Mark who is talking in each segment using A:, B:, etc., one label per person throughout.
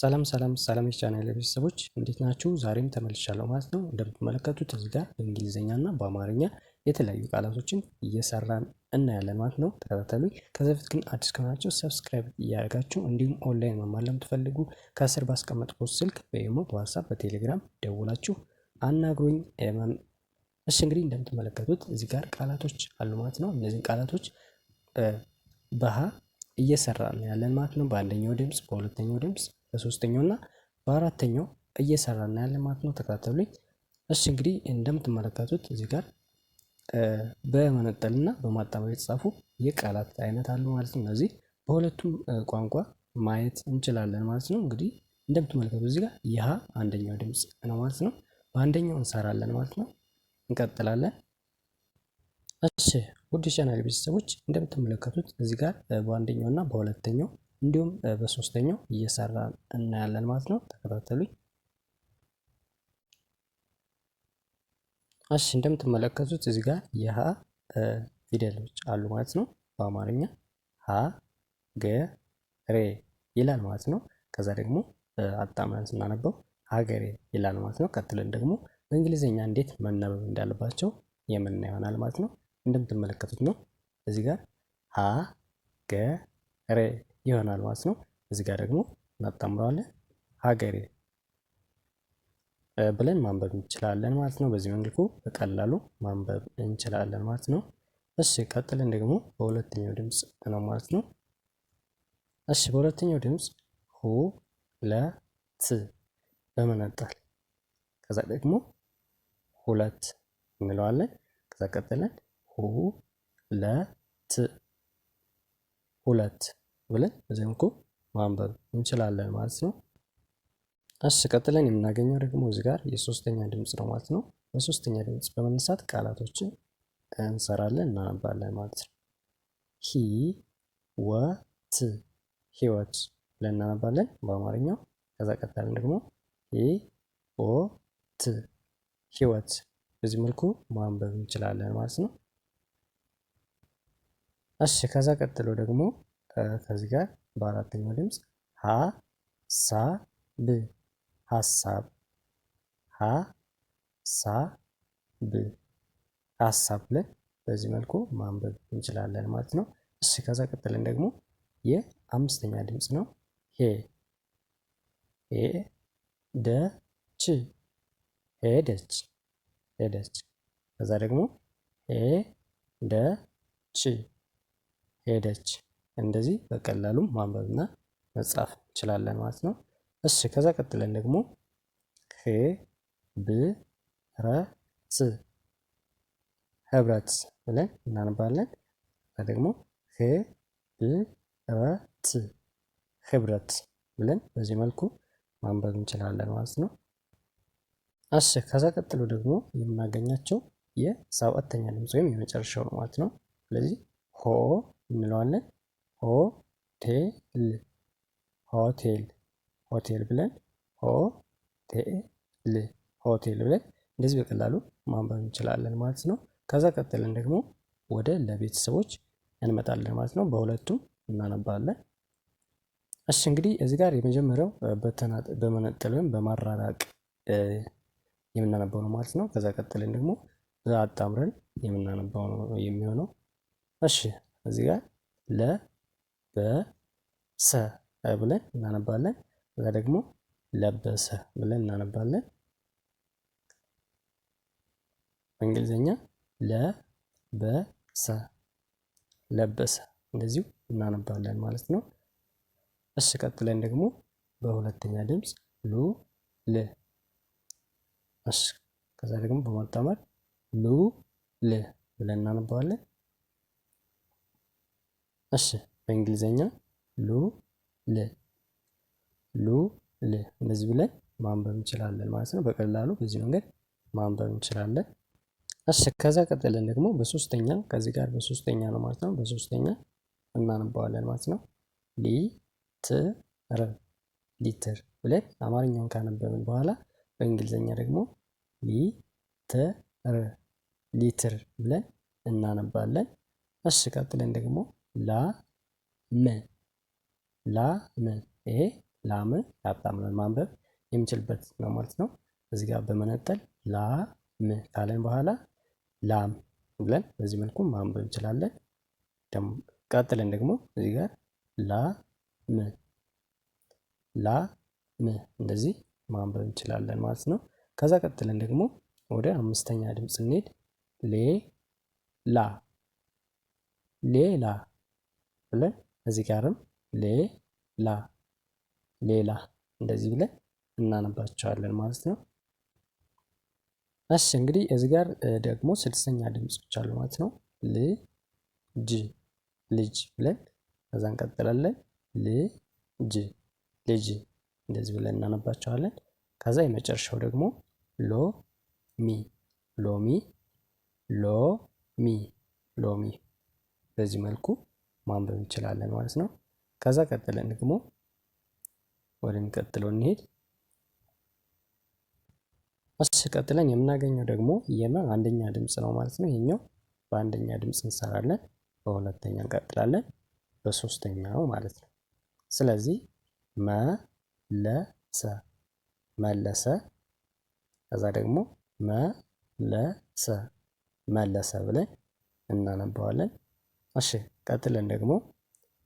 A: ሰላም ሰላም ሰላም የቻናል ቤተሰቦች እንዴት ናችሁ? ዛሬም ተመልሻለሁ ማለት ነው። እንደምትመለከቱት እዚህ ጋር በእንግሊዝኛና በአማርኛ የተለያዩ ቃላቶችን እየሰራን እናያለን ማለት ነው። ተከታተሉ። ከዚ በፊት ግን አዲስ ከሆናቸው ሰብስክራይብ እያደረጋችሁ እንዲሁም ኦንላይን መማር ለምትፈልጉ ከስር ባስቀመጥኩት ስልክ በኢሞ በዋትሳፕ በቴሌግራም ደውላችሁ አናግሩኝ። እሺ እንግዲህ እንደምትመለከቱት እዚህ ጋር ቃላቶች አሉ ማለት ነው። እነዚህን ቃላቶች በሀ እየሰራ ያለን ማለት ነው። በአንደኛው ድምፅ፣ በሁለተኛው ድምፅ በሶስተኛው እና በአራተኛው እየሰራን ያለን ማለት ነው። ተከታተሉኝ። እሺ እንግዲህ እንደምትመለከቱት እዚህ ጋር በመነጠልና በማጣመር የተጻፉ የቃላት አይነት አሉ ማለት ነው። እነዚህ በሁለቱም ቋንቋ ማየት እንችላለን ማለት ነው። እንግዲህ እንደምትመለከቱት እዚህ ጋር ይሃ አንደኛው ድምፅ ነው ማለት ነው። በአንደኛው እንሰራለን ማለት ነው። እንቀጥላለን። እሺ ውድ ቻናል ቤተሰቦች እንደምትመለከቱት እዚህ ጋር በአንደኛው እና በሁለተኛው እንዲሁም በሶስተኛው እየሰራን እናያለን ማለት ነው። ተከታተሉኝ። እሺ እንደምትመለከቱት እዚህ ጋር የሀ ፊደሎች አሉ ማለት ነው። በአማርኛ ሀ ገ ሬ ይላል ማለት ነው። ከዛ ደግሞ አጣምረን ስናነበው ሀገሬ ይላል ማለት ነው። ቀጥለን ደግሞ በእንግሊዝኛ እንዴት መነበብ እንዳለባቸው የምና ይሆናል ማለት ነው። እንደምትመለከቱት ነው እዚህ ጋር ሀ ገ ሬ ይሆናል ማለት ነው። እዚህ ጋር ደግሞ እናጣምረዋለን ሀገሬ ብለን ማንበብ እንችላለን ማለት ነው። በዚህ መንገድ በቀላሉ ማንበብ እንችላለን ማለት ነው። እሺ ቀጥለን ደግሞ በሁለተኛው ድምፅ ነው ማለት ነው። እሺ በሁለተኛው ድምፅ ሁ ለ ት በመነጠል ከዛ ደግሞ ሁለት እንለዋለን። ከዛ ቀጥለን ሁ ለ ት ሁለት ብለን በዚህ መልኩ ማንበብ እንችላለን ማለት ነው። እሺ ቀጥለን የምናገኘው ደግሞ እዚህ ጋር የሶስተኛ ድምፅ ነው ማለት ነው። በሶስተኛ ድምፅ በመነሳት ቃላቶችን እንሰራለን እናነባለን ማለት ነው። ሂ ወ ት ህይወት ብለን እናነባለን በአማርኛው። ከዛ ቀጥለን ደግሞ ሂ ኦ ት ህይወት በዚህ መልኩ ማንበብ እንችላለን ማለት ነው። እሺ ከዛ ቀጥሎ ደግሞ ከዚህ ጋር በአራተኛው ድምፅ ሀ ሳ ብ ሀሳብ ሀ ሳ ብ ሀሳብ ብለን በዚህ መልኩ ማንበብ እንችላለን ማለት ነው። እሺ ከዛ ቀጥለን ደግሞ የአምስተኛ ድምፅ ነው ሄ ሄ ደ ች ሄደች ሄደች። ከዛ ደግሞ ሄ ደ ች ሄደች እንደዚህ በቀላሉም ማንበብና መጻፍ እንችላለን ማለት ነው። እሺ ከዛ ቀጥለን ደግሞ ሄ ብ ረ ጽ ህብረት ብለን እናንባለን። ደግሞ ሄ ብ ረ ጽ ህብረት ብለን በዚህ መልኩ ማንበብ እንችላለን ማለት ነው። እሺ ከዛ ቀጥሎ ደግሞ የምናገኛቸው የሰባተኛ ድምፅ ወይም የመጨረሻው ማለት ነው። ስለዚህ ሆ እንለዋለን። ሆቴል ሆቴል ሆቴል ብለን ሆቴል ሆቴል ብለን እንደዚህ በቀላሉ ማንበብ እንችላለን ማለት ነው። ከዛ ቀጥለን ደግሞ ወደ ለቤተሰቦች እንመጣለን ማለት ነው። በሁለቱም እናነባለን። እሺ እንግዲህ እዚህ ጋር የመጀመሪያው ወይም በማራራቅ የምናነባው ነው ማለት ነው። ከዛ ቀጥለን ደግሞ አጣምረን የምናነባው ነው የሚሆነው። እሺ እዚህ ጋር ለ በሰ ብለን እናነባለን። ከዛ ደግሞ ለበሰ ብለን እናነባለን። በእንግሊዝኛ ለበሰ ለበሰ እንደዚሁ እናነባለን ማለት ነው። እሺ ቀጥለን ደግሞ በሁለተኛ ድምፅ ሉ ል እሺ ከዛ ደግሞ በማጣመር ሉ ል ብለን እናነባዋለን። እሺ በእንግሊዘኛ ሉ ል ሉ ል እንደዚህ ብለን ማንበብ እንችላለን ማለት ነው። በቀላሉ በዚህ መንገድ ማንበብ እንችላለን። እሺ ከዛ ቀጥለን ደግሞ በሶስተኛ ከዚህ ጋር በሶስተኛ ነው ማለት ነው። በሶስተኛ እናነባዋለን ማለት ነው። ሊትር ሊትር ብለን አማርኛውን ካነበብን በኋላ በእንግሊዘኛ ደግሞ ሊትር ሊትር ብለን እናነባለን። እሺ ቀጥለን ደግሞ ላ መ ላም ይሄ ላም ላብታም ብለን ማንበብ የምንችልበት ነው ማለት ነው። እዚህ ጋር በመነጠል ላ ላም ካለን በኋላ ላም ብለን በዚህ መልኩ ማንበብ እንችላለን። ቀጥለን ደግሞ እዚህ ጋር ላ ም እንደዚህ ማንበብ እንችላለን ማለት ነው። ከዛ ቀጥለን ደግሞ ወደ አምስተኛ ድምፅ እንሄድ ሌ ላ ሌላ ብለን እዚህ ጋርም ሌላ ሌላ እንደዚህ ብለን እናነባቸዋለን ማለት ነው። እሺ እንግዲህ እዚህ ጋር ደግሞ ስድስተኛ ድምጾች አሉ ማለት ነው። ል ጅ ልጅ ብለን ከዛ እንቀጥላለን። ል ጅ ልጅ እንደዚህ ብለን እናነባቸዋለን። ከዛ የመጨረሻው ደግሞ ሎ ሚ ሎሚ ሎ ሚ ሎሚ በዚህ መልኩ ማንበብ እንችላለን ማለት ነው። ከዛ ቀጥለን ደግሞ ወደሚቀጥለው እንሄድ። እሺ ቀጥለን የምናገኘው ደግሞ የመ አንደኛ ድምፅ ነው ማለት ነው። ይሄኛው በአንደኛ ድምፅ እንሰራለን፣ በሁለተኛ እንቀጥላለን፣ በሶስተኛ ነው ማለት ነው። ስለዚህ መለሰ መለሰ ከዛ ደግሞ መለሰ መለሰ ብለን እናነባዋለን። እሺ ቀጥለን ደግሞ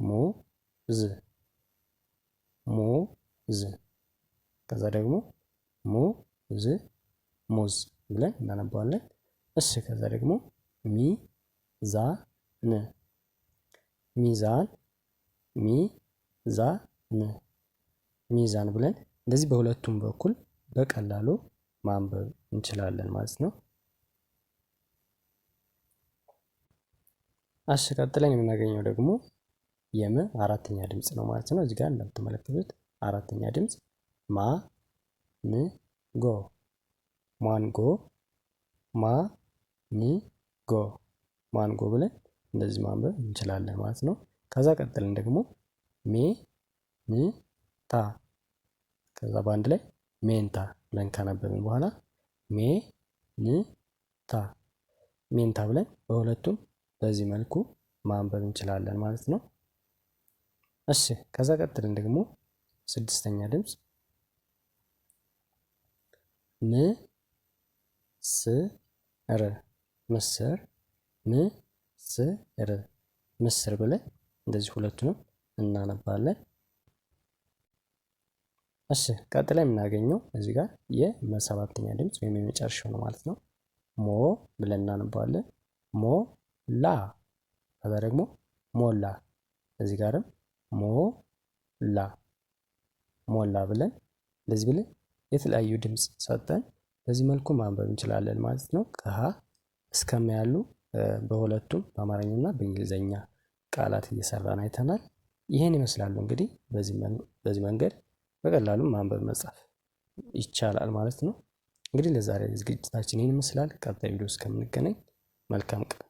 A: ሙ ዝ ሙ ዝ ከዛ ደግሞ ሙ ዝ ሙዝ ብለን እናነባዋለን። እሺ ከዛ ደግሞ ሚ ዛ ን ሚዛን ሚ ዛ ን ሚዛን ብለን እንደዚህ በሁለቱም በኩል በቀላሉ ማንበብ እንችላለን ማለት ነው። አስቀጥለን የምናገኘው ደግሞ የመ አራተኛ ድምፅ ነው ማለት ነው። እዚህ ጋር እንደምትመለከቱት አራተኛ ድምፅ ማ ን ጎ ማንጎ ማ ኒ ጎ ማንጎ ብለን እንደዚህ ማንበብ እንችላለን ማለት ነው። ከዛ ቀጥለን ደግሞ ሜ ኒ ታ ከዛ በአንድ ላይ ሜንታ ብለን ካነበብን በኋላ ሜ ን ታ ሜንታ ብለን በሁለቱም በዚህ መልኩ ማንበብ እንችላለን ማለት ነው። እሺ ከዛ ቀጥልን ደግሞ ስድስተኛ ድምፅ ም ስ ር ምስር ም ስ ር ምስር ብለን እንደዚህ ሁለቱንም እናነባለን። እሺ ቀጥላ የምናገኘው እዚህ ጋር የመሰባተኛ ድምፅ ወይም የመጨረሻው ነው ማለት ነው። ሞ ብለን እናነባዋለን። ሞ ላ ከዛ ደግሞ ሞላ እዚህ ጋርም ሞ ላ ሞላ ብለን እንደዚህ ብለን የተለያዩ ድምፅ ሰጠን በዚህ መልኩ ማንበብ እንችላለን ማለት ነው። ከሀ እስከም ያሉ በሁለቱም በአማርኛና በእንግሊዝኛ ቃላት እየሰራን አይተናል። ይህን ይመስላሉ እንግዲህ በዚህ መንገድ በቀላሉ ማንበብ መጻፍ ይቻላል ማለት ነው። እንግዲህ ለዛሬ ዝግጅታችን ይህን ይመስላል። ቀጣይ ቪዲዮ እስከምንገናኝ መልካም ቀን